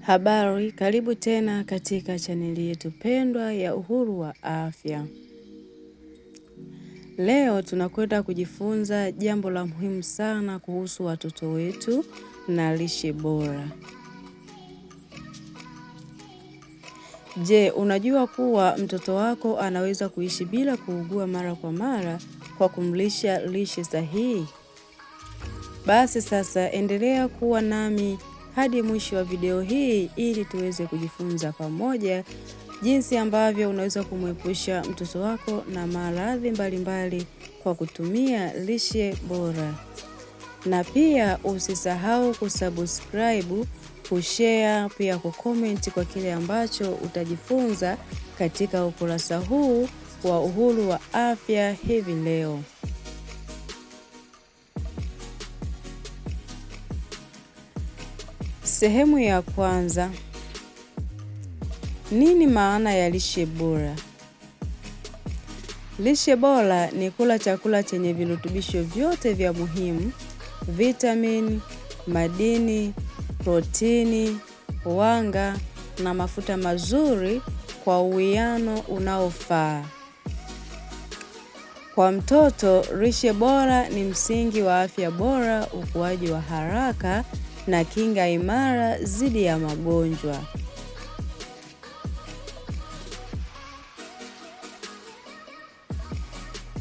Habari, karibu tena katika chaneli yetu pendwa ya Uhuru wa Afya. Leo tunakwenda kujifunza jambo la muhimu sana kuhusu watoto wetu na lishe bora. Je, unajua kuwa mtoto wako anaweza kuishi bila kuugua mara kwa mara kwa kumlisha lishe sahihi? Basi sasa endelea kuwa nami hadi mwisho wa video hii ili tuweze kujifunza pamoja jinsi ambavyo unaweza kumwepusha mtoto wako na maradhi mbalimbali kwa kutumia lishe bora. Na pia usisahau kusubscribe, kushare, pia kucomment kwa kile ambacho utajifunza katika ukurasa huu wa Uhuru wa Afya hivi leo. Sehemu ya kwanza. Nini maana ya lishe bora? Lishe bora ni kula chakula chenye virutubisho vyote vya muhimu, vitamini, madini, protini, wanga na mafuta mazuri kwa uwiano unaofaa. Kwa mtoto, lishe bora ni msingi wa afya bora, ukuaji wa haraka na kinga imara dhidi ya magonjwa.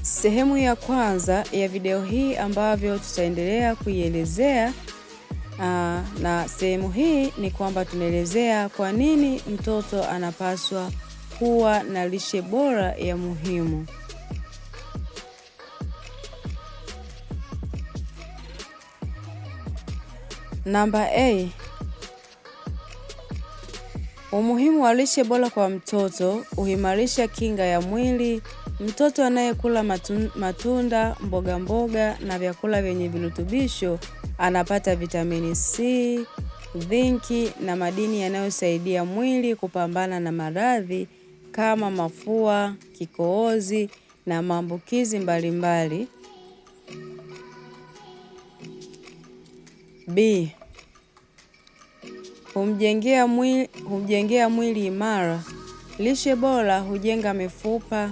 Sehemu ya kwanza ya video hii ambavyo tutaendelea kuielezea Aa, ah, na sehemu hii ni kwamba tunaelezea kwa nini mtoto anapaswa kuwa na lishe bora ya muhimu. Namba A, umuhimu wa lishe bora kwa mtoto: huimarisha kinga ya mwili. Mtoto anayekula matunda, mboga mboga na vyakula vyenye virutubisho anapata vitamini C, zinki na madini yanayosaidia mwili kupambana na maradhi kama mafua, kikohozi na maambukizi mbalimbali. B, humjengea mwili, humjengea mwili imara. Lishe bora hujenga mifupa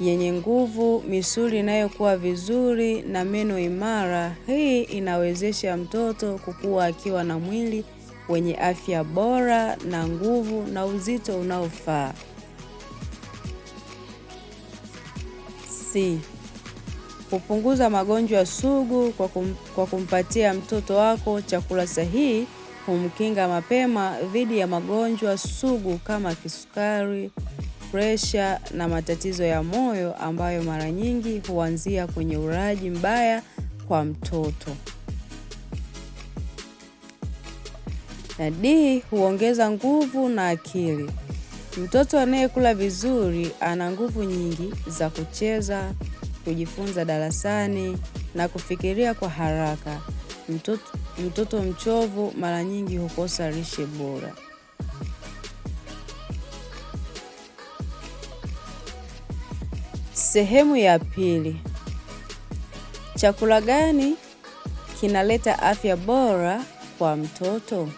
yenye nguvu, misuli inayokuwa vizuri na meno imara. Hii inawezesha mtoto kukua akiwa na mwili wenye afya bora na nguvu na uzito unaofaa. C. Kupunguza magonjwa sugu kwa kum, kwa kumpatia mtoto wako chakula sahihi humkinga mapema dhidi ya magonjwa sugu kama kisukari, presha na matatizo ya moyo ambayo mara nyingi huanzia kwenye ulaji mbaya kwa mtoto. Na D, huongeza nguvu na akili. Mtoto anayekula vizuri ana nguvu nyingi za kucheza, kujifunza darasani na kufikiria kwa haraka. Mtoto Mtoto mchovu mara nyingi hukosa lishe bora. Sehemu ya pili. Chakula gani kinaleta afya bora kwa mtoto?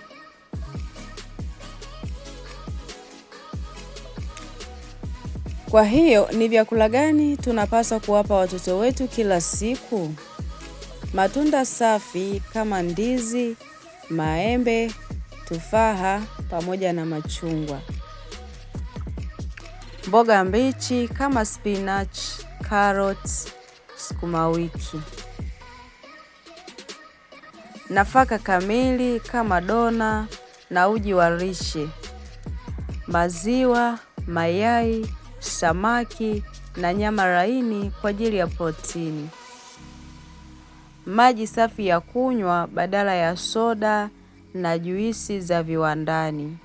Kwa hiyo ni vyakula gani tunapaswa kuwapa watoto wetu kila siku? Matunda safi kama ndizi, maembe, tufaha pamoja na machungwa. Mboga mbichi kama spinach, carrots, sukuma wiki. Nafaka kamili kama dona na uji wa lishe, maziwa, mayai, samaki na nyama laini kwa ajili ya protini maji safi ya kunywa badala ya soda na juisi za viwandani.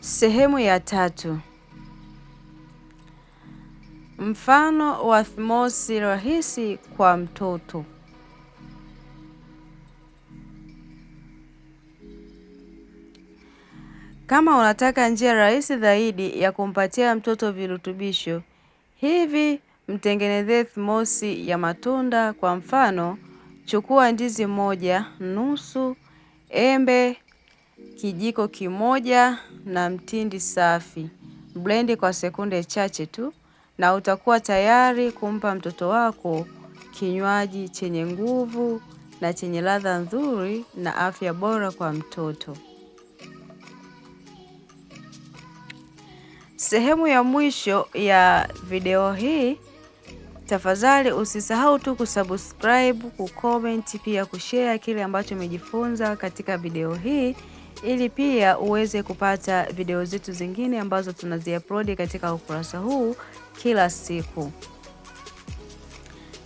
Sehemu ya tatu. Mfano wa thimosi rahisi kwa mtoto. Kama unataka njia rahisi zaidi ya kumpatia mtoto virutubisho, Hivi mtengenezee thimosi ya matunda kwa mfano, chukua ndizi moja nusu, embe kijiko kimoja na mtindi safi. Blendi kwa sekunde chache tu na utakuwa tayari kumpa mtoto wako kinywaji chenye nguvu na chenye ladha nzuri na afya bora kwa mtoto. sehemu ya mwisho ya video hii. Tafadhali usisahau tu kusubscribe, kucomment, pia kushare kile ambacho umejifunza katika video hii ili pia uweze kupata video zetu zingine ambazo tunaziupload katika ukurasa huu kila siku.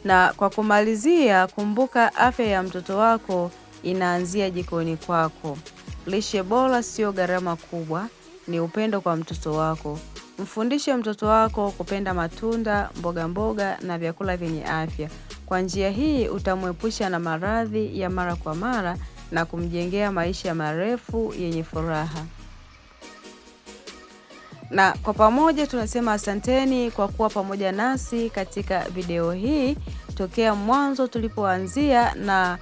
Na kwa kumalizia, kumbuka afya ya mtoto wako inaanzia jikoni kwako. Lishe bora sio gharama kubwa ni upendo kwa mtoto wako. Mfundishe mtoto wako kupenda matunda, mboga mboga na vyakula vyenye afya. Kwa njia hii utamwepusha na maradhi ya mara kwa mara na kumjengea maisha marefu yenye furaha. Na kwa pamoja tunasema asanteni kwa kuwa pamoja nasi katika video hii tokea mwanzo tulipoanzia na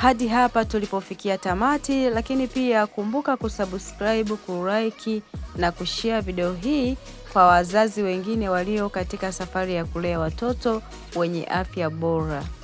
hadi hapa tulipofikia tamati, lakini pia kumbuka kusubscribe, kuraiki na kushare video hii kwa wazazi wengine walio katika safari ya kulea watoto wenye afya bora.